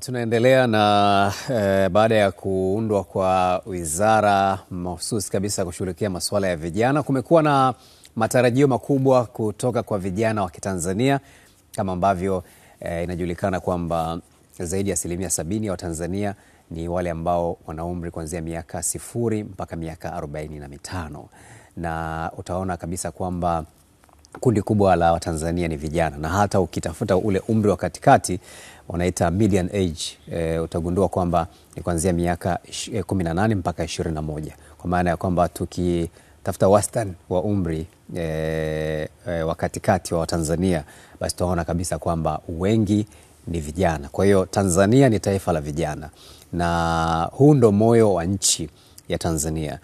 tunaendelea na e, baada ya kuundwa kwa wizara mahususi kabisa kushughulikia masuala ya vijana, kumekuwa na matarajio makubwa kutoka kwa vijana wa Kitanzania kama ambavyo e, inajulikana kwamba zaidi ya asilimia sabini ya Watanzania ni wale ambao wana umri kuanzia miaka sifuri mpaka miaka arobaini na mitano na utaona kabisa kwamba kundi kubwa la Watanzania ni vijana, na hata ukitafuta ule umri wa katikati wanaita median age e, utagundua kwamba ni kuanzia miaka 18 eh, mpaka 21, kwa maana ya kwamba tukitafuta wastani wa umri e, e, wa katikati wa Watanzania, basi tunaona kabisa kwamba wengi ni vijana. Kwa hiyo Tanzania ni taifa la vijana, na huu ndo moyo wa nchi ya Tanzania.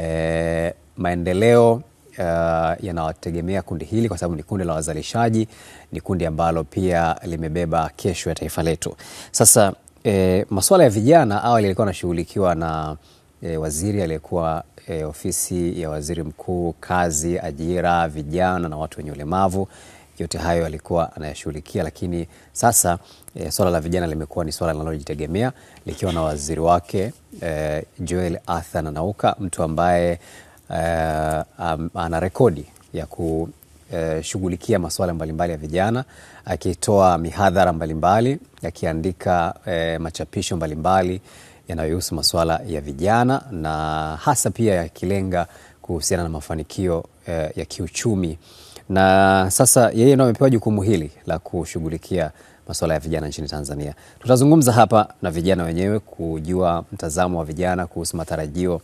E, maendeleo uh, yanawategemea kundi hili kwa sababu ni kundi la wazalishaji, ni kundi ambalo pia limebeba kesho ya taifa letu. Sasa eh, masuala ya vijana awali yalikuwa anashughulikiwa na eh, waziri aliyekuwa eh, ofisi ya waziri mkuu, kazi, ajira, vijana na watu wenye ulemavu yote hayo alikuwa anayashughulikia, lakini sasa e, swala la vijana limekuwa ni swala linalojitegemea likiwa na waziri wake e, Joel Arthur Nanauka, mtu ambaye uh, ana rekodi ya kushughulikia eh, masuala mbalimbali ya vijana, akitoa mihadhara mbalimbali, akiandika uh, machapisho mbalimbali yanayohusu masuala ya vijana na hasa pia yakilenga kuhusiana na mafanikio uh, ya kiuchumi. Na sasa yeye ndio amepewa jukumu hili la kushughulikia masuala ya vijana nchini Tanzania. Tutazungumza hapa na vijana wenyewe kujua mtazamo wa vijana kuhusu matarajio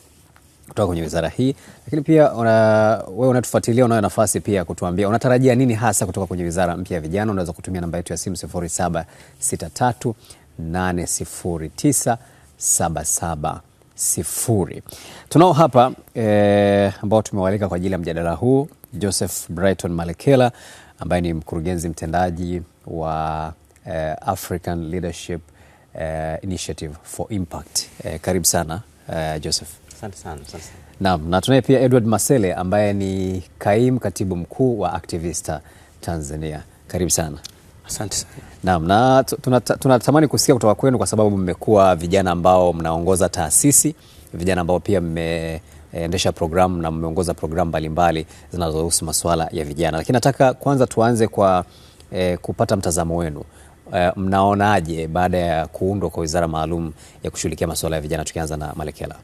kutoka kwenye wizara hii, lakini pia una, wewe unatufuatilia, unayo nafasi pia kutuambia unatarajia nini hasa kutoka kwenye wizara mpya ya vijana. Unaweza kutumia namba yetu ya simu 0763809770. Sifuri. Tunao hapa eh, ambao eh, tumewalika kwa ajili ya mjadala huu Joseph Brighton Malekela ambaye ni mkurugenzi mtendaji wa eh, African Leadership eh, Initiative for Impact. Eh, karibu sana eh, Joseph. Asante sana. Naam, na tunaye pia Edward Masele ambaye ni kaimu katibu mkuu wa Activista Tanzania. Karibu sana. Asante sana. Naam, na tunatamani tuna kusikia kutoka kwenu kwa sababu mmekuwa vijana ambao mnaongoza taasisi, vijana ambao pia mmeendesha programu na mmeongoza programu mbalimbali zinazohusu masuala ya vijana, lakini nataka kwanza tuanze kwa eh, kupata mtazamo wenu. Eh, mnaonaje baada ya kuundwa kwa wizara maalum ya kushughulikia masuala ya vijana, tukianza na Malekela?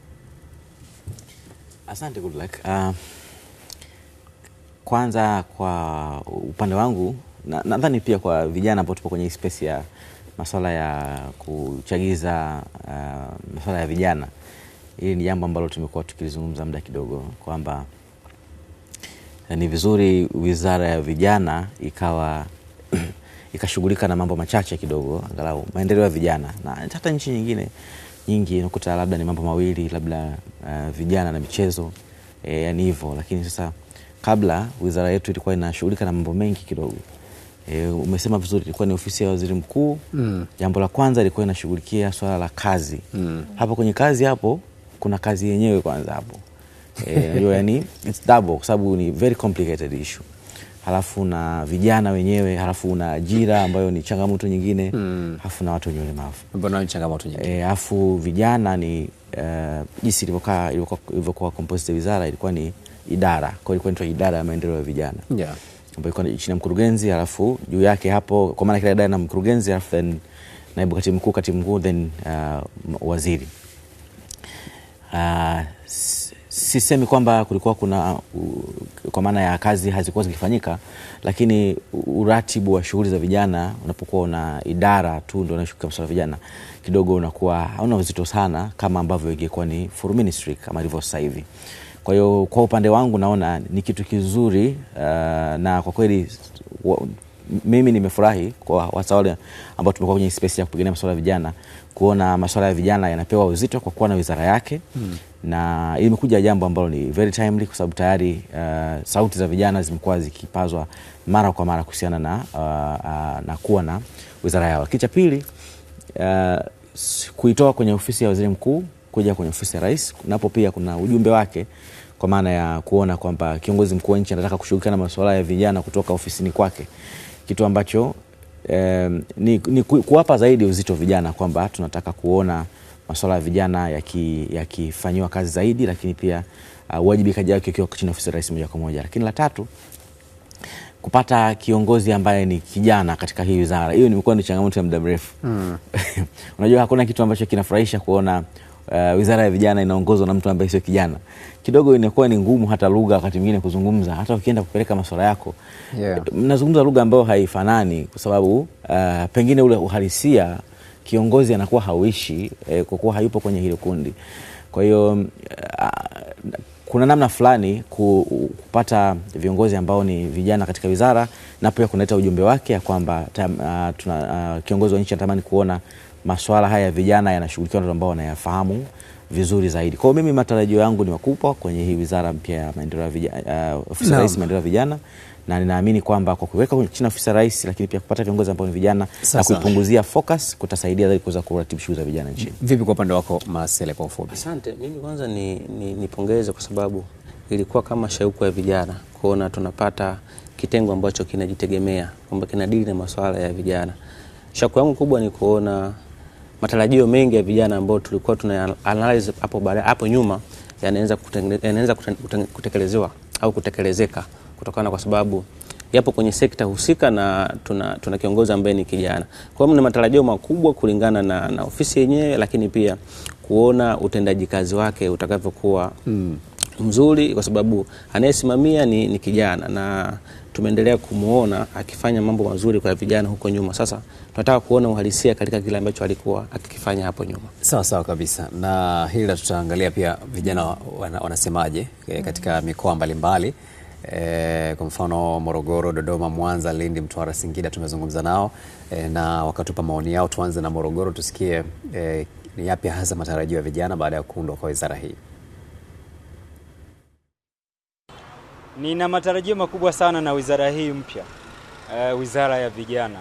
Asante good luck. Uh, kwanza kwa upande wangu nadhani na pia kwa vijana ambao tupo kwenye space ya masuala ya kuchagiza uh, ah, masuala ya vijana, hili ni jambo ambalo tumekuwa tukilizungumza muda kidogo kwamba eh, ni vizuri wizara ya vijana ikawa ikashughulika na mambo machache kidogo, angalau maendeleo ya vijana na hata nchi nyingine nyingi unakuta labda ni mambo mawili labda uh, vijana na michezo e, eh, yani hivyo. Lakini sasa kabla wizara yetu ilikuwa inashughulika na mambo mengi kidogo. E, umesema vizuri, ilikuwa ni ofisi ya waziri mkuu mm. Jambo la kwanza ilikuwa inashughulikia swala la kazi mm. Hapo kwenye kazi hapo kuna kazi yenyewe kwanza hapo e, yani it's double kwa sababu ni very complicated issue halafu na vijana wenyewe, halafu una ajira ambayo ni changamoto nyingine mm. halafu na watu wenye ulemavu ambayo ni changamoto nyingine. Eh, halafu vijana ni eh, jinsi uh, ilivyokaa ilivyokuwa composite wizara ilikuwa ni idara, kwa hiyo ilikuwa inaitwa idara ya maendeleo ya vijana yeah ambayo ilikuwa chini ya mkurugenzi, halafu juu yake hapo, kwa maana kila idara na mkurugenzi, halafu then naibu katibu mkuu, katibu mkuu then uh, waziri uh, sisemi kwamba kulikuwa kuna uh, kwa maana ya kazi hazikuwa zikifanyika, lakini uratibu wa shughuli za vijana unapokuwa una idara tu ndio unashughulika masuala ya vijana, kidogo unakuwa hauna uzito sana kama ambavyo ingekuwa ni full ministry kama ilivyo sasa hivi. Kwa hiyo kwa upande wangu naona ni kitu kizuri uh, na kwa kweli mimi nimefurahi kwa hasa ambao tumekuwa kwenye spesi ya kupigania masuala ya vijana kuona masuala ya vijana yanapewa uzito kwa kuwa na wizara yake hmm. na imekuja jambo ambalo ni very timely kwa sababu tayari uh, sauti za vijana zimekuwa zikipazwa mara kwa mara kuhusiana na, uh, uh, na kuwa na wizara yao. Lakini cha pili uh, kuitoa kwenye ofisi ya waziri mkuu kuja kwenye ofisi ya rais, napo pia kuna ujumbe wake kwa maana ya kuona kwamba kiongozi mkuu wa nchi anataka kushughulika na masuala ya vijana kutoka ofisini kwake kitu ambacho eh, ni, ni kuwapa zaidi uzito vijana kwamba tunataka kuona masuala ya vijana yakifanyiwa kazi zaidi, lakini pia uh, uwajibikaji uh, wake ukiwa chini ofisi ya rais moja kwa moja. Lakini la tatu kupata kiongozi ambaye ni kijana katika hii wizara. Hiyo nimekuwa ni changamoto ya muda mrefu mm. Unajua, hakuna kitu ambacho kinafurahisha kuona uh, wizara ya vijana inaongozwa na mtu ambaye sio kijana, kidogo inakuwa ni ngumu hata lugha wakati mwingine kuzungumza, hata ukienda kupeleka masuala yako yeah. Mnazungumza lugha ambayo haifanani kwa sababu uh, pengine ule uhalisia kiongozi anakuwa hauishi eh, kwa kuwa hayupo kwenye hilo kundi. Kwa hiyo uh, kuna namna fulani kupata viongozi ambao ni vijana katika wizara na pia kunaleta ujumbe wake ya kwamba uh, uh, kiongozi wa nchi anatamani kuona masuala haya ya vijana yanashughulikiwa na ambao wanayafahamu vizuri zaidi. Kwa hiyo mimi matarajio yangu ni makubwa kwenye hii wizara mpya ya maendeleo ya vijana, uh, ofisi ya rais maendeleo ya vijana na ninaamini kwamba kwa kuweka chini ofisi ya rais, lakini pia kupata viongozi ambao ni vijana na kuipunguzia focus kutasaidia zaidi kuweza kuratibu shughuli za vijana nchini. Vipi kwa upande wako Masele, kwa ufupi? Asante. Mimi kwanza nipongeze ni, ni kwa sababu ilikuwa kama shauku ya vijana kuona tunapata kitengo ambacho kinajitegemea kwamba kinadili na masuala ya vijana. Shauku yangu kubwa ni kuona matarajio mengi ya vijana ambao tulikuwa tuna analyze hapo baadaye hapo nyuma yanaanza kutekelezewa au kutekelezeka kutokana kwa sababu yapo kwenye sekta husika na tuna, tuna kiongozi ambaye ni kijana. Kwa hiyo ni matarajio makubwa kulingana na, na ofisi yenyewe, lakini pia kuona utendaji kazi wake utakavyokuwa mm. mzuri kwa sababu anayesimamia ni, ni kijana na tumeendelea kumwona akifanya mambo mazuri kwa vijana huko nyuma. Sasa tunataka kuona uhalisia katika kile ambacho alikuwa akikifanya hapo nyuma. Sawa sawa kabisa, na hili tutaangalia pia vijana wanasemaje wana eh, katika mikoa mbalimbali mbali e, kwa mfano Morogoro, Dodoma, Mwanza, Lindi, Mtwara, Singida tumezungumza nao e, na wakatupa maoni yao. Tuanze na Morogoro tusikie e, ni yapi hasa matarajio ya vijana baada ya kuundwa kwa wizara hii? Nina matarajio makubwa sana na wizara hii mpya e, wizara ya vijana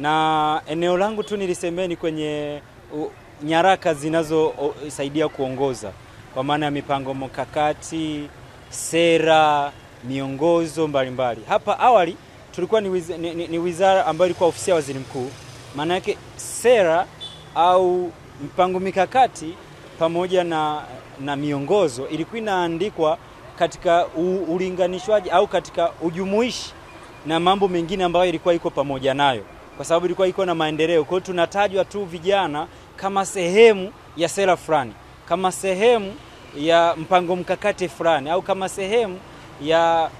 na eneo langu tu nilisemeni kwenye u, nyaraka zinazosaidia kuongoza kwa maana ya mipango mkakati, sera miongozo mbalimbali. Hapa awali tulikuwa ni, wiz, ni, ni, ni wizara ambayo ilikuwa ofisi ya waziri mkuu. Maana yake sera au mpango mikakati pamoja na, na miongozo ilikuwa inaandikwa katika ulinganishwaji au katika ujumuishi na mambo mengine ambayo ilikuwa iko pamoja nayo, kwa sababu ilikuwa iko na maendeleo. Kwa hiyo tunatajwa tu vijana kama sehemu ya sera fulani, kama sehemu ya mpango mkakati fulani, au kama sehemu ya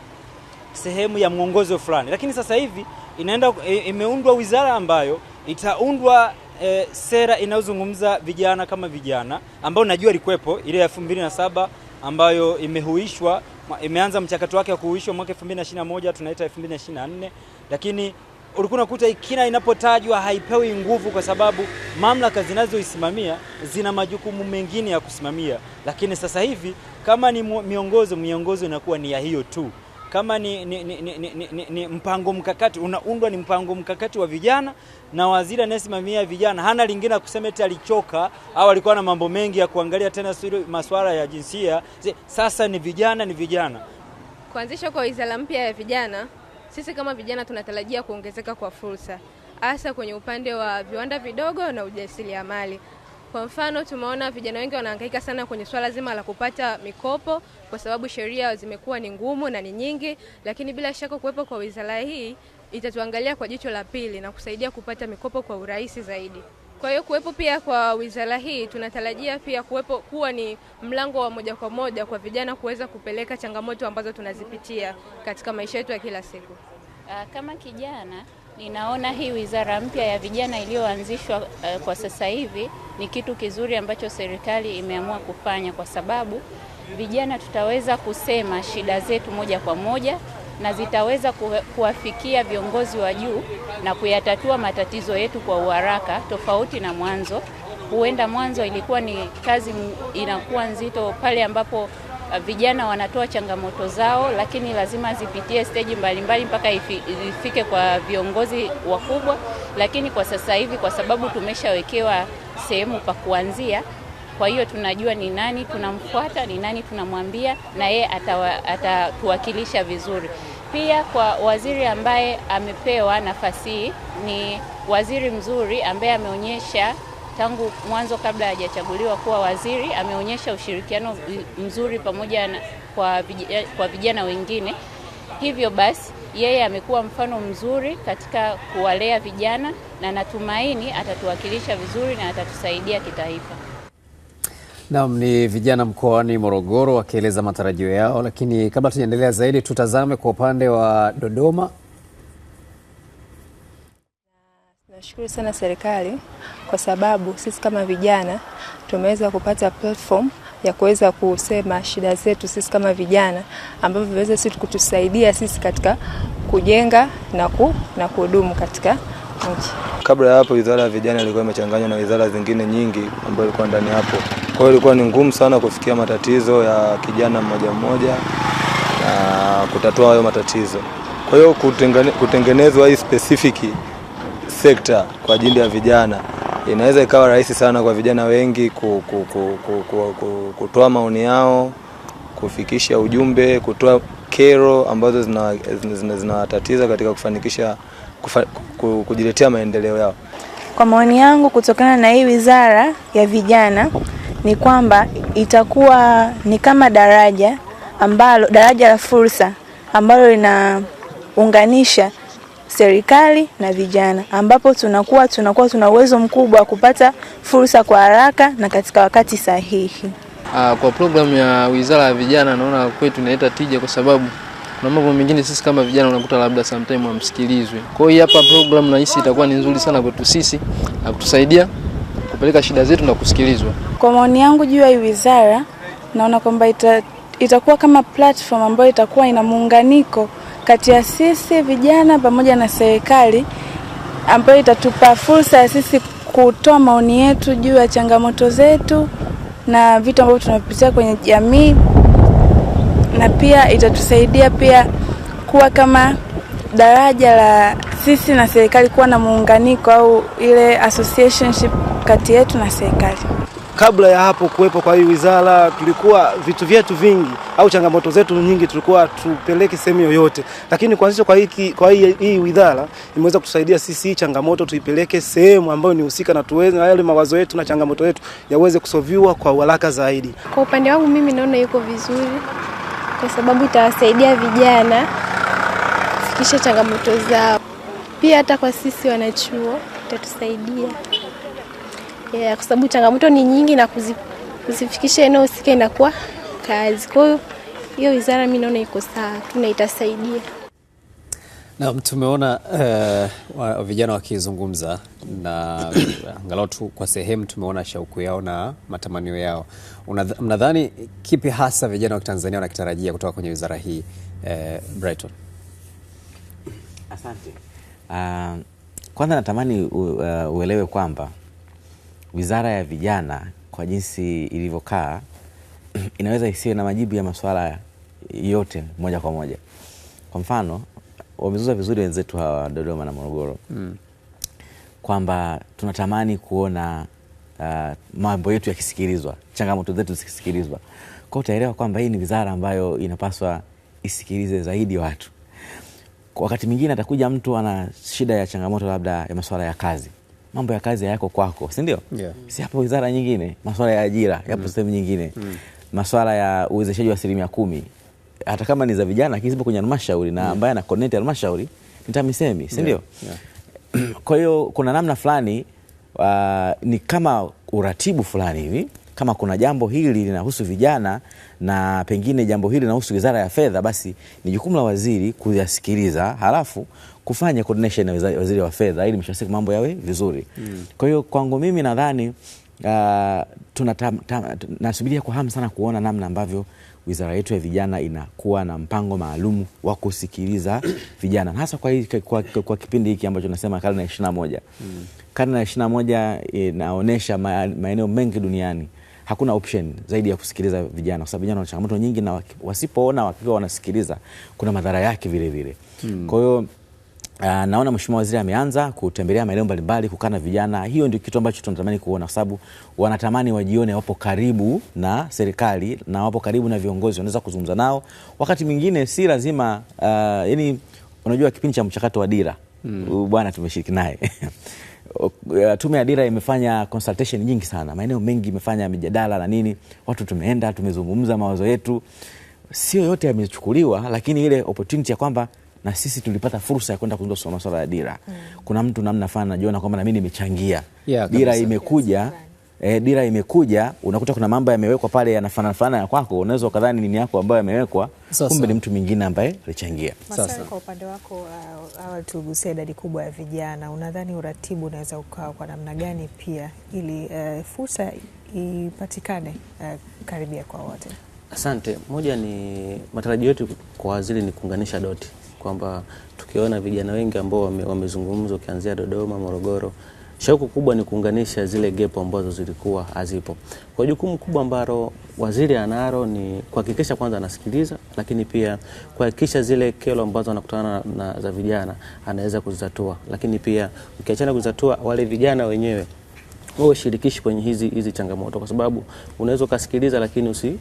sehemu ya mwongozo fulani, lakini sasa hivi inaenda imeundwa wizara ambayo itaundwa e, sera inayozungumza vijana kama vijana, ambayo najua ilikuwepo ile ya 2007 ambayo imehuishwa, imeanza mchakato wake wa kuhuishwa mwaka 2021, tunaita 2024, lakini ulikuwa unakuta kina inapotajwa haipewi nguvu kwa sababu mamlaka zinazoisimamia zina majukumu mengine ya kusimamia, lakini sasa hivi kama ni miongozo, miongozo inakuwa ni ya hiyo tu. Kama ni, ni, ni, ni, ni, ni, ni mpango mkakati unaundwa, ni mpango mkakati wa vijana, na waziri anayesimamia vijana hana lingine kusema eti alichoka au alikuwa na mambo mengi ya kuangalia tena masuala ya jinsia. Sasa ni vijana, ni vijana. Kuanzishwa kwa wizara mpya ya vijana sisi kama vijana tunatarajia kuongezeka kwa fursa, hasa kwenye upande wa viwanda vidogo na ujasiriamali. Kwa mfano, tumeona vijana wengi wanahangaika sana kwenye swala zima la kupata mikopo kwa sababu sheria zimekuwa ni ngumu na ni nyingi, lakini bila shaka kuwepo kwa wizara hii itatuangalia kwa jicho la pili na kusaidia kupata mikopo kwa urahisi zaidi. Kwa hiyo kuwepo pia kwa wizara hii tunatarajia pia kuwepo kuwa ni mlango wa moja kwa moja kwa vijana kuweza kupeleka changamoto ambazo tunazipitia katika maisha yetu ya kila siku. Ah, kama kijana ninaona hii wizara mpya ya vijana iliyoanzishwa uh, kwa sasa hivi ni kitu kizuri ambacho serikali imeamua kufanya, kwa sababu vijana tutaweza kusema shida zetu moja kwa moja na zitaweza kuwafikia viongozi wa juu na kuyatatua matatizo yetu kwa uharaka, tofauti na mwanzo. Huenda mwanzo ilikuwa ni kazi inakuwa nzito pale ambapo uh, vijana wanatoa changamoto zao, lakini lazima zipitie steji mbalimbali mpaka ifike kwa viongozi wakubwa. Lakini kwa sasa hivi, kwa sababu tumeshawekewa sehemu pa kuanzia, kwa hiyo tunajua ni nani tunamfuata, ni nani tunamwambia, na yeye atatuwakilisha vizuri. Pia kwa waziri ambaye amepewa nafasi hii, ni waziri mzuri ambaye ameonyesha tangu mwanzo kabla hajachaguliwa kuwa waziri, ameonyesha ushirikiano mzuri pamoja na kwa, vijana, kwa vijana wengine. Hivyo basi yeye amekuwa mfano mzuri katika kuwalea vijana na natumaini atatuwakilisha vizuri na atatusaidia kitaifa. Naam, ni vijana mkoani Morogoro wakieleza matarajio yao, lakini kabla tujaendelea zaidi, tutazame kwa upande wa Dodoma. Nashukuru sana serikali kwa sababu sisi kama vijana tumeweza kupata platform ya kuweza kusema shida zetu sisi kama vijana, ambavyo vinaweza sisi kutusaidia sisi katika kujenga na, ku, na kuhudumu katika nchi. Kabla ya hapo, wizara ya vijana ilikuwa imechanganywa na wizara zingine nyingi ambayo ilikuwa ndani hapo kwa hiyo ilikuwa ni ngumu sana kufikia matatizo ya kijana mmoja mmoja na kutatua hayo matatizo. Kwa hiyo kutengenezwa hii specific sekta kwa ajili ya vijana inaweza ikawa rahisi sana kwa vijana wengi ku, ku, ku, ku, ku, ku, kutoa maoni yao, kufikisha ujumbe, kutoa kero ambazo zinawatatiza zina, zina, zina katika kufanikisha kufa, kujiletea maendeleo yao. Kwa maoni yangu, kutokana na hii wizara ya vijana ni kwamba itakuwa ni kama daraja ambalo daraja la fursa ambalo linaunganisha serikali na vijana, ambapo tunakuwa tunakuwa tuna uwezo mkubwa wa kupata fursa kwa haraka na katika wakati sahihi. Aa, ah, kwa programu ya Wizara ya Vijana naona kwetu inaleta tija, kwa sababu na mambo mengine sisi kama vijana unakuta labda sometime hamsikilizwe. Kwa hiyo hapa programu nahisi itakuwa ni nzuri sana kwetu sisi na kutusaidia kupeleka shida zetu na kusikilizwa. Kwa maoni yangu juu ya hii wizara, naona kwamba ita, itakuwa kama platform ambayo itakuwa ina muunganiko kati ya sisi vijana pamoja na serikali ambayo itatupa fursa ya sisi kutoa maoni yetu juu ya changamoto zetu na vitu ambavyo tunapitia kwenye jamii, na pia itatusaidia pia kuwa kama daraja la sisi na serikali kuwa na muunganiko au ile associationship kati yetu na serikali. Kabla ya hapo kuwepo kwa hii wizara, tulikuwa vitu vyetu vingi au changamoto zetu nyingi tulikuwa tupeleke sehemu yoyote, lakini kuanzishwa kwa hii kwa hii wizara imeweza kutusaidia sisi hii changamoto tuipeleke sehemu ambayo ni husika, na tuweze na yale mawazo yetu na changamoto yetu yaweze kusoviwa kwa haraka zaidi. Kwa upande wangu mimi naona iko vizuri, kwa sababu itawasaidia vijana kufikisha changamoto zao, pia hata kwa sisi wanachuo itatusaidia yeah, kwa sababu changamoto ni nyingi na kuzi, kuzifikisha eneo husika inakuwa kazi. Kwa hiyo hiyo wizara mimi naona iko sawa, tunaitasaidia Naam, tumeona uh, vijana wakizungumza na angalau tu kwa sehemu tumeona shauku yao na matamanio yao. Mnadhani kipi hasa vijana wa Kitanzania wanakitarajia kutoka kwenye wizara hii eh, Brighton? Asante. Uh, kwanza natamani uh, uelewe kwamba wizara ya vijana kwa jinsi ilivyokaa inaweza isiwe na majibu ya masuala yote moja kwa moja. Kwa mfano wamezuza vizuri wenzetu hawa Dodoma na Morogoro mm. kwamba tunatamani kuona uh, mambo yetu yakisikilizwa, changamoto zetu zikisikilizwa. Kwa utaelewa kwamba hii ni wizara ambayo inapaswa isikilize zaidi watu. Wakati mwingine atakuja mtu ana shida ya changamoto labda ya masuala ya kazi mambo ya kazi yako kwako, si ndio? Yeah. Si hapo wizara nyingine, masuala ya ajira yapo mm. sehemu nyingine mm. masuala ya uwezeshaji wa asilimia kumi hata kama ni za vijana, lakini zipo kwenye halmashauri na mm. ambaye ana connect halmashauri ni TAMISEMI, si ndio? yeah. yeah. kwa hiyo kuna namna fulani uh, ni kama uratibu fulani hivi kama kuna jambo hili linahusu vijana na pengine jambo hili linahusu wizara ya fedha, basi ni jukumu la waziri kuyasikiliza, halafu kufanya coordination na waziri wa fedha ili mwisho wa siku mambo yawe vizuri mm. Kwa hiyo kwangu mimi nadhani uh, nasubiria kwa hamu sana kuona namna ambavyo wizara yetu ya vijana inakuwa na mpango maalum wa kusikiliza vijana hasa kwa, kwa, kwa, kwa kipindi hiki ambacho nasema karne ya ishirini na moja mm. Karne ya ishirini na moja inaonyesha maeneo mengi duniani hakuna option zaidi ya kusikiliza vijana, kwa sababu vijana wana changamoto nyingi, na wasipoona wakiwa wanasikiliza kuna madhara yake vile vile. mm. kwa hiyo Ah, naona Mheshimiwa Waziri ameanza kutembelea maeneo mbalimbali kukaa na vijana. Hiyo ndio kitu ambacho tunatamani kuona, kwa sababu wanatamani wajione wapo karibu na serikali na wapo karibu na viongozi, wanaweza kuzungumza nao. Wakati mwingine si lazima uh, ah, yani, unajua kipindi cha mchakato wa dira mm. bwana tumeshiriki naye Tume ya Dira imefanya consultation nyingi sana, maeneo mengi imefanya mijadala na nini, watu tumeenda tumezungumza mawazo yetu, sio yote yamechukuliwa, lakini ile opportunity ya kwamba na sisi tulipata fursa ya kwenda kuzungumza kusoma masuala ya dira mm. Kuna mtu namna fana najiona kwamba na mimi nimechangia yeah, dira imekuja E, dira imekuja, unakuta kuna mambo yamewekwa pale yanafanana fanana ya kwako, unaweza ukadhani nini yako ambayo yamewekwa, kumbe ni mtu mwingine ambaye alichangia. Sasa kwa upande wako, uh, awali tugusia idadi kubwa ya vijana, unadhani uratibu unaweza ukawa kwa namna gani pia ili uh, fursa ipatikane uh, karibia kwa wote? Asante. Moja ni matarajio yetu kwa waziri ni kuunganisha doti kwamba tukiona vijana wengi ambao wamezungumza wame ukianzia Dodoma, Morogoro, shauku kubwa ni kuunganisha zile gepo ambazo zilikuwa hazipo. Kwa jukumu kubwa ambalo waziri anaro ni kuhakikisha kwanza anasikiliza, lakini pia kuhakikisha zile kero ambazo anakutana na, na za vijana anaweza kuzitatua, lakini pia ukiachana kuzitatua wale vijana wenyewe wawe shirikishi kwenye hizi, hizi changamoto kwa sababu unaweza ukasikiliza lakini usi,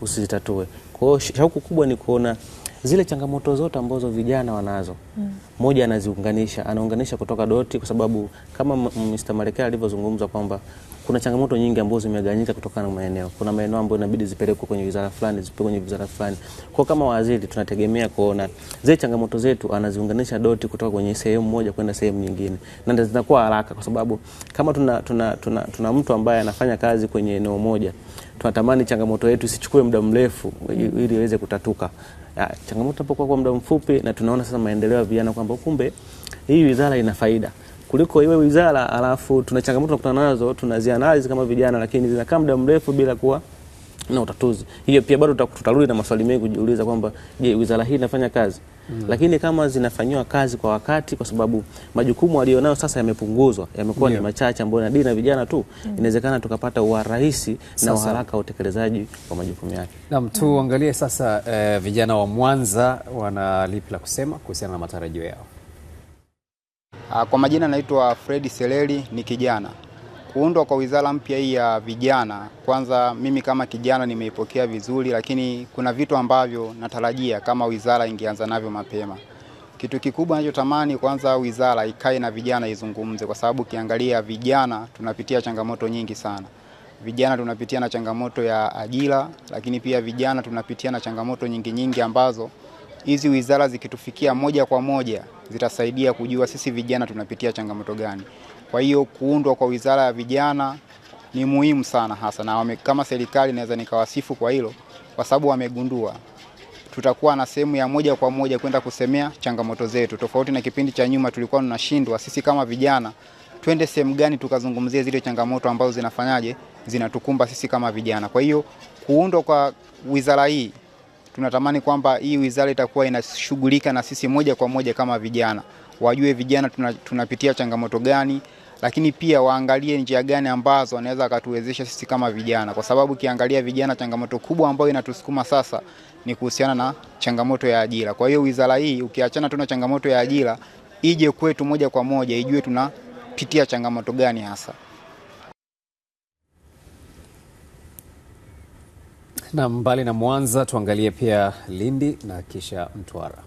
usizitatue. Kwa hiyo shauku kubwa ni kuona zile changamoto zote ambazo vijana wanazo mm. Moja anaziunganisha, anaunganisha kutoka doti, kwa sababu kama Mr. Marekani alivyozungumza kwamba kuna changamoto nyingi ambazo zimeganyika kutokana na maeneo. Kuna maeneo ambayo inabidi zipelekwe kwenye wizara fulani, zipelekwe kwenye wizara fulani. Kwa kama waziri, tunategemea kuona zile changamoto zetu anaziunganisha doti kutoka kwenye sehemu moja kwenda sehemu nyingine, na ndio zinakuwa haraka, kwa sababu kama tuna, tuna, tuna, tuna mtu ambaye anafanya kazi kwenye eneo moja, tunatamani changamoto yetu isichukue muda mrefu ili iweze kutatuka. Ah, changamoto inapokuwa kwa muda mfupi, na tunaona sasa maendeleo ya vijana kwamba kumbe hii wizara ina faida kuliko iwe wizara alafu tuna changamoto tunakutana nazo tunazianalizi kama vijana, lakini zinakaa muda mrefu bila kuwa na utatuzi. Hiyo pia bado tutarudi na maswali mengi kujiuliza kwamba je, wizara hii inafanya kazi? Mm. Lakini kama zinafanyiwa kazi kwa wakati, kwa sababu majukumu walionayo sasa yamepunguzwa, yamekuwa yeah, ni machache ambayo dini na vijana tu mm. Inawezekana tukapata uharahisi na uharaka wa utekelezaji wa majukumu yake. Naam, tuangalie sasa e, vijana wa Mwanza wana lipi la kusema kuhusiana na matarajio yao. Ah, kwa majina naitwa Fredi Seleli, ni kijana Kuundwa kwa wizara mpya hii ya vijana, kwanza mimi kama kijana nimeipokea vizuri, lakini kuna vitu ambavyo natarajia kama wizara ingeanza navyo mapema. Kitu kikubwa ninachotamani kwanza, wizara ikae na vijana izungumze, kwa sababu ukiangalia vijana tunapitia changamoto nyingi sana. Vijana tunapitia na changamoto ya ajira, lakini pia vijana tunapitia na changamoto nyingi nyingi ambazo hizi wizara zikitufikia moja kwa moja zitasaidia kujua sisi vijana tunapitia changamoto gani. Kwa hiyo kuundwa kwa wizara ya vijana ni muhimu sana hasa na wame, kama serikali naweza nikawasifu kwa hilo, kwa sababu wamegundua tutakuwa na sehemu ya moja kwa moja kwenda kusemea changamoto zetu, tofauti na kipindi cha nyuma tulikuwa tunashindwa sisi kama vijana twende sehemu gani tukazungumzie zile changamoto ambazo zinafanyaje zinatukumba sisi kama vijana. Kwa hiyo kuundwa kwa wizara hii, tunatamani kwamba hii wizara itakuwa inashughulika na sisi moja kwa moja kama vijana, wajue vijana tunapitia changamoto gani lakini pia waangalie njia gani ambazo wanaweza wakatuwezesha sisi kama vijana, kwa sababu ukiangalia vijana, changamoto kubwa ambayo inatusukuma sasa ni kuhusiana na changamoto ya ajira. Kwa hiyo wizara hii ukiachana tu na changamoto ya ajira, ije kwetu moja kwa moja, ijue tunapitia changamoto gani hasa. Na mbali na Mwanza tuangalie pia Lindi na kisha Mtwara.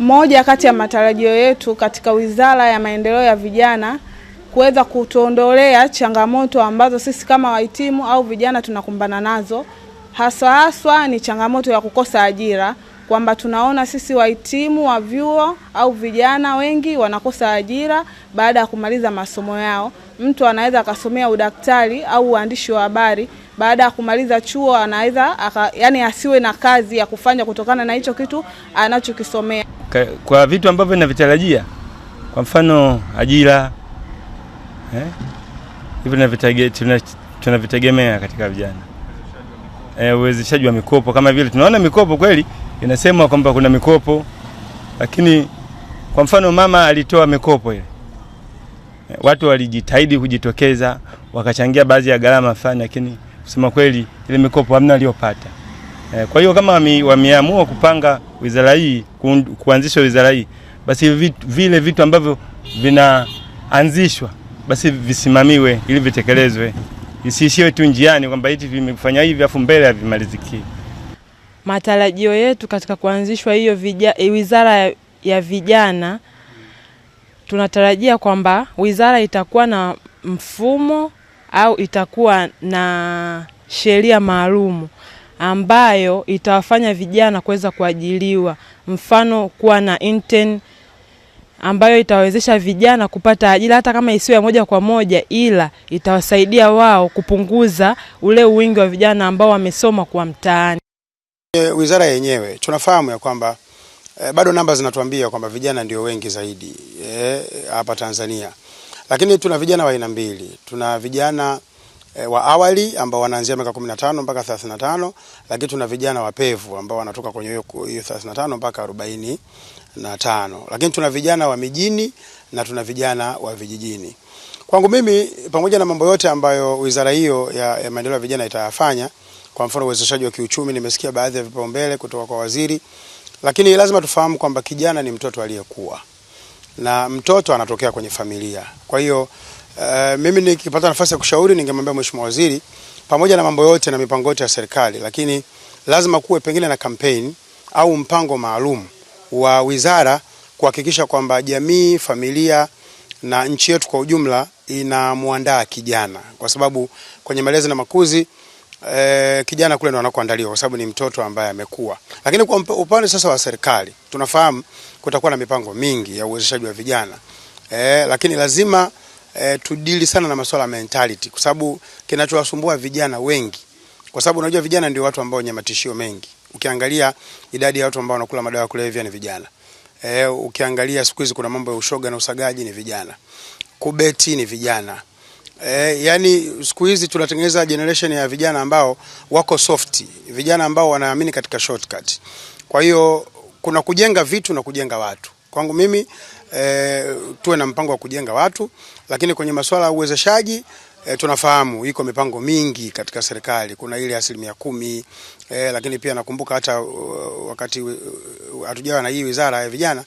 Moja kati ya matarajio yetu katika Wizara ya Maendeleo ya Vijana kuweza kutuondolea changamoto ambazo sisi kama wahitimu au vijana tunakumbana nazo, haswa haswa ni changamoto ya kukosa ajira, kwamba tunaona sisi wahitimu wa vyuo au vijana wengi wanakosa ajira baada ya kumaliza masomo yao. Mtu anaweza akasomea udaktari au uandishi wa habari baada ya kumaliza chuo anaweza yani asiwe na kazi ya kufanya kutokana na hicho kitu anachokisomea. Kwa vitu ambavyo navitarajia, kwa mfano ajira eh, hivyo tunavitegemea katika vijana eh, uwezeshaji wa mikopo kama vile tunaona mikopo kweli inasema kwamba kuna mikopo, lakini kwa mfano mama alitoa mikopo ile eh, watu walijitahidi kujitokeza wakachangia baadhi ya gharama fulani, lakini kusema kweli ile mikopo hamna aliyopata. E, kwa hiyo kama wameamua kupanga wizara hii kuanzisha wizara hii, basi vitu, vile vitu ambavyo vinaanzishwa basi visimamiwe ili vitekelezwe, isiishiwe tu njiani kwamba hivi vimefanya hivi afu mbele havimaliziki. Matarajio yetu katika kuanzishwa hiyo eh, wizara ya, ya vijana tunatarajia kwamba wizara itakuwa na mfumo au itakuwa na sheria maalum ambayo itawafanya vijana kuweza kuajiliwa, mfano kuwa na intern ambayo itawawezesha vijana kupata ajira hata kama isiwe ya moja kwa moja, ila itawasaidia wao kupunguza ule wingi wa vijana ambao wamesoma kwa mtaani. Wizara yenyewe tunafahamu ya kwamba eh, bado namba zinatuambia kwamba vijana ndio wengi zaidi eh, hapa eh, Tanzania. Lakini tuna vijana wa aina mbili, tuna vijana e, wa awali ambao wanaanzia miaka 15 mpaka 35, lakini tuna vijana wapevu ambao wanatoka kwenye hiyo 35 mpaka 45, lakini tuna vijana wa mijini na tuna vijana wa vijijini. Kwangu mimi, pamoja na mambo yote ambayo wizara hiyo ya, ya maendeleo ya vijana itayafanya, kwa mfano uwezeshaji wa kiuchumi, nimesikia baadhi ya vipaumbele kutoka kwa waziri, lakini lazima tufahamu kwamba kijana ni mtoto aliyekuwa na mtoto anatokea kwenye familia. Kwa hiyo uh, mimi nikipata nafasi ya kushauri ningemwambia Mheshimiwa Waziri, pamoja na mambo yote na mipango yote ya serikali, lakini lazima kuwe pengine na kampeni au mpango maalum wa wizara kuhakikisha kwamba jamii, familia na nchi yetu kwa ujumla inamwandaa kijana, kwa sababu kwenye malezi na makuzi e, kijana kule ndo anakoandaliwa kwa sababu ni mtoto ambaye amekuwa. Lakini kwa upande sasa wa serikali tunafahamu kutakuwa na mipango mingi ya uwezeshaji wa vijana e, lakini lazima e, tudili sana na masuala ya mentality kwa sababu kinachowasumbua vijana wengi, kwa sababu unajua vijana ndio watu ambao wenye matishio mengi. Ukiangalia idadi ya watu ambao wanakula madawa ya kulevya ni vijana e, ukiangalia siku hizi kuna mambo ya ushoga na usagaji ni vijana, kubeti ni vijana E, yani siku hizi tunatengeneza generation ya vijana ambao wako soft, vijana ambao wanaamini katika shortcut. Kwa hiyo kuna kujenga vitu na kujenga watu. Kwangu mimi e, tuwe na mpango wa kujenga watu, lakini kwenye masuala ya uwezeshaji e, tunafahamu iko mipango mingi katika serikali, kuna ile asilimia kumi e, lakini pia nakumbuka hata uh, wakati uh, hatujawa na hii wizara ya vijana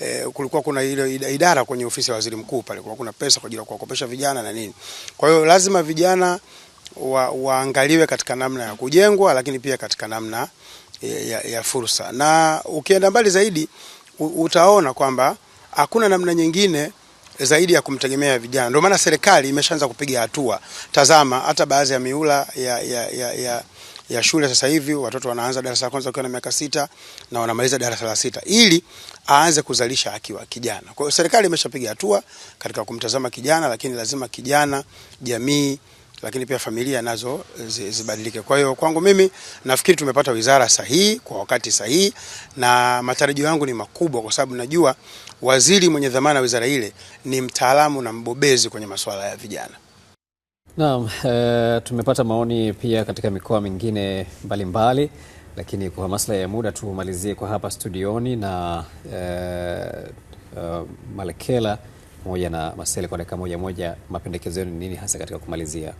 eh, kulikuwa kuna ile idara kwenye ofisi ya waziri mkuu pale, kulikuwa kuna pesa kwa ajili ya kuwakopesha vijana na nini. Kwa hiyo lazima vijana wa, waangaliwe katika namna ya kujengwa, lakini pia katika namna ya, ya fursa. Na ukienda mbali zaidi utaona kwamba hakuna namna nyingine zaidi ya kumtegemea vijana. Ndio maana serikali imeshaanza kupiga hatua. Tazama hata baadhi ya miula ya, ya, ya, ya ya shule. Sasa hivi watoto wanaanza darasa la kwanza wakiwa na miaka sita na wanamaliza darasa la sita ili aanze kuzalisha akiwa kijana. Kwa hiyo serikali imeshapiga hatua katika kumtazama kijana, lakini lazima kijana, jamii lakini pia familia nazo eh, zibadilike. Kwa hiyo kwangu mimi nafikiri tumepata wizara sahihi kwa wakati sahihi, na matarajio yangu ni makubwa, kwa sababu najua waziri mwenye dhamana wizara ile ni mtaalamu na mbobezi kwenye masuala ya vijana. Naam, e, tumepata maoni pia katika mikoa mingine mbalimbali, lakini kwa maslahi ya muda tumalizie kwa hapa studioni na e, e, Malekela pamoja na Masele, kwa dakika moja moja, mapendekezo yenu ni nini hasa katika kumalizia?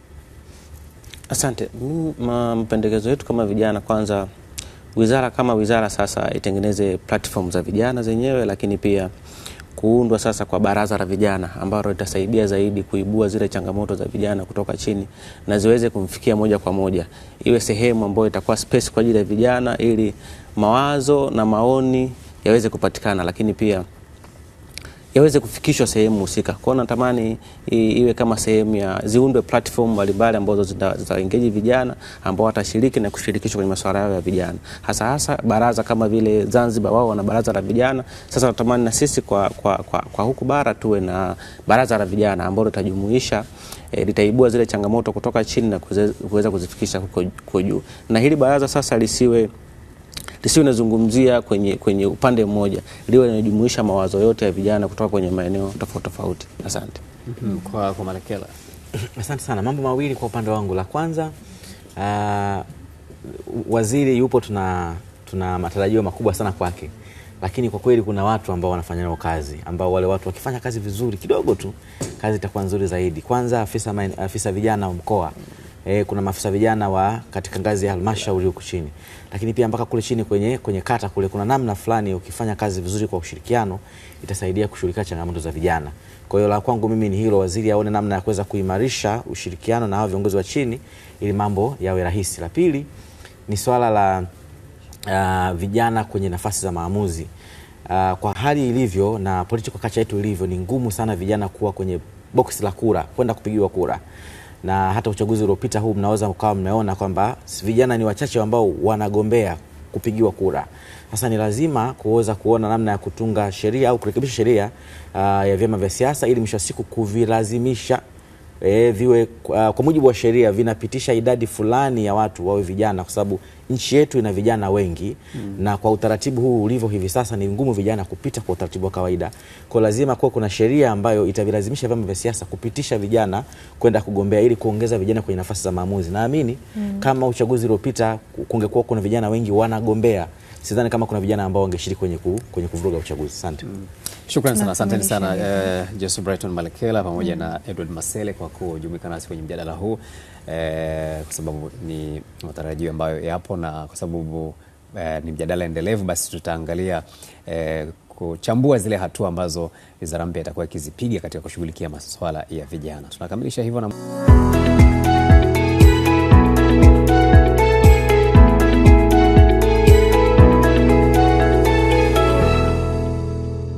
Asante. Mapendekezo yetu kama vijana, kwanza wizara kama wizara sasa itengeneze platform za vijana zenyewe, lakini pia kuundwa sasa kwa baraza la vijana ambalo litasaidia zaidi kuibua zile changamoto za vijana kutoka chini na ziweze kumfikia moja kwa moja, iwe sehemu ambayo itakuwa space kwa ajili ya vijana ili mawazo na maoni yaweze kupatikana, lakini pia yaweze kufikishwa sehemu husika. Kwa hiyo natamani iwe kama sehemu ya ziundwe platform mbalimbali ambazo zitaengage vijana ambao watashiriki na kushirikishwa kwenye masuala yao ya vijana, hasa hasa baraza kama vile Zanzibar, wao wana baraza la vijana. Sasa natamani na sisi kwa, kwa, kwa, kwa huku bara tuwe na baraza la vijana ambalo litajumuisha E, litaibua zile changamoto kutoka chini na kuweza kuzifikisha huko juu, na hili baraza sasa lisiwe lisiwe linazungumzia kwenye, kwenye upande mmoja, liwe linajumuisha mawazo yote ya vijana kutoka kwenye maeneo tofauti tofauti. Asante mm -hmm. Kwa, kwa Malekela asante sana. Mambo mawili kwa upande wangu, la kwanza uh, waziri yupo, tuna, tuna matarajio makubwa sana kwake, lakini kwa kweli kuna watu ambao wanafanya nao kazi ambao wale watu wakifanya kazi vizuri kidogo tu kazi itakuwa nzuri zaidi. Kwanza afisa, afisa vijana wa mkoa eh, kuna maafisa vijana wa katika ngazi ya halmashauri huku chini, lakini pia mpaka kule chini kwenye, kwenye kata kule kuna namna fulani, ukifanya kazi vizuri kwa ushirikiano itasaidia kushughulikia changamoto za vijana. Kwa hiyo la kwangu mimi ni hilo, waziri aone namna ya kuweza kuimarisha ushirikiano na hao viongozi wa chini ili mambo yawe rahisi. La pili ni swala la uh, vijana kwenye nafasi za maamuzi. Uh, kwa hali ilivyo na political culture yetu ilivyo, ni ngumu sana vijana kuwa kwenye boksi la kura kwenda kupigiwa kura na hata uchaguzi uliopita huu mnaweza ukawa mmeona kwamba vijana ni wachache ambao wanagombea kupigiwa kura. Sasa ni lazima kuweza kuona namna ya kutunga sheria au kurekebisha sheria uh, ya vyama vya siasa ili mwisho wa siku kuvilazimisha e, viwe uh, kwa mujibu wa sheria vinapitisha idadi fulani ya watu wawe vijana, kwa sababu nchi yetu ina vijana wengi mm. na kwa utaratibu huu ulivyo hivi sasa ni ngumu vijana kupita kwa utaratibu wa kawaida, kwa lazima kuwa kuna sheria ambayo itavilazimisha vyama vya siasa kupitisha vijana kwenda kugombea ili kuongeza vijana kwenye nafasi za maamuzi. Naamini mm. kama uchaguzi uliopita kungekuwa kuna vijana wengi wanagombea, sidhani kama kuna vijana ambao wangeshiriki kwenye, ku, kwenye kuvuruga uchaguzi. Asante mm. Shukrani sana, asanteni sana eh, Joyce Brighton Malekela pamoja mm, na Edward Masele kwa kujumuika nasi kwenye mjadala huu eh, kwa sababu ni matarajio ambayo yapo na kwa sababu eh, ni mjadala endelevu, basi tutaangalia eh, kuchambua zile hatua ambazo wizara mpya itakuwa ikizipiga katika kushughulikia masuala ya vijana. Tunakamilisha hivyo na